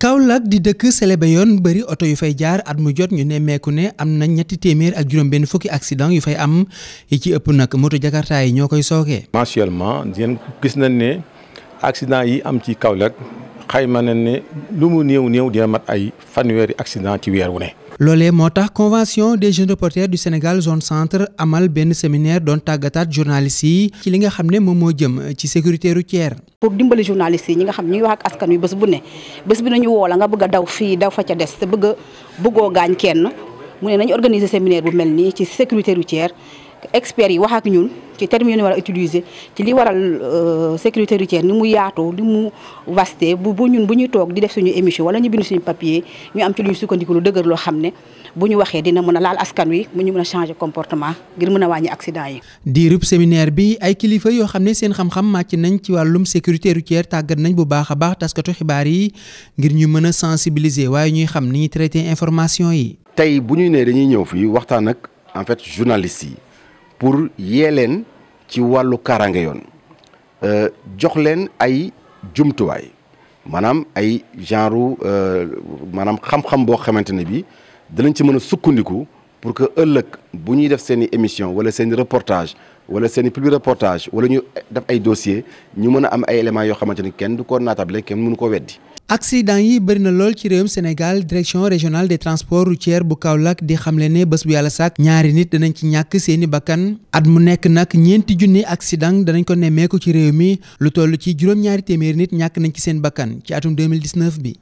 Kaolack di dëkk yoon bëri oto yu fay jaar at mu jot ñu nemmeeku ne am na ñetti téeméer ak juróom benn fukki accident yu fay am yi ci ëpp nag moto jakarta yi ñoo koy sookee mensuellement yéen gis nañ ne accident yi am ci Kaolack xayma nañ ne lu mu néew néew dina mat ay fanweeri accident ci weer wu ne loolee moo tax convention des jeunes reporters du Sénégal zone centre amal benn séminaire doon tàggataat journalistes yi ci li nga xam ne moom moo jëm ci sécurité routière pour dimbali journalistes yi ñi nga xam ñuy wax ak askan wi bés bu ne bés bi nañu woola nga bëgg a daw fii daw fa ca des te bëgg bëggoo gaañ kenn mu ne nañu organiser séminaire bu mel nii ci sécurité routière experts yi wax ak ñun ci termes yu ñu a utiliser ci li waral euh, sécurité routière ni mu yaatoo li mu vaste bu bu ñun bu ñu toog di def suñu émission wala ñu bind suñu papier ñu am ci lu ñu sukkandiku lu dëgër loo xam ne bu ñu waxee dina mën a laal askan wi mu ñu mën a changer comportement ngir mën a wàññi accident yi. diirub séminaire bi ay kilifa yoo xam ne seen xam-xam màcc nañ ci wàllum sécurité routière tàggat nañ bu baax a baax taskatu xibaar yi ngir ñu mën a sensibiliser waaye ñuy xam ni ñuy traité information yi. tey bu ñuy nee dañuy ñëw fii waxtaan ak en fait journaliste yi pour yee leen ci wàllu kaaraange yoon euh, jox leen ay jumtuwaay maanaam ay genre euh, maanaam xam-xam boo xamante ne bi danañ ci mën a sukkandiku pour que ëllëg bu ñuy def seen i émission wala seen i reportage wala seen i public reportage wala ñu def ay dossier ñu mën a am ay éléments yoo xamante ni kenn du ko naatable kenn munu ko weddi accident yi bëri na lool ci réewum Sénégal direction régionale des transports routiers bu Kaolack di xamle ne bés bu yàlla sàkk ñaari nit danañ ci ñàkk seeni bakkan at mu nekk nag ñeenti junni accident danañ ko nemmeeku ci réew mi lu toll ci juróom-ñaari téeméeri nit ñàkk nañ ci seen bakkan ci atum 2019 bi.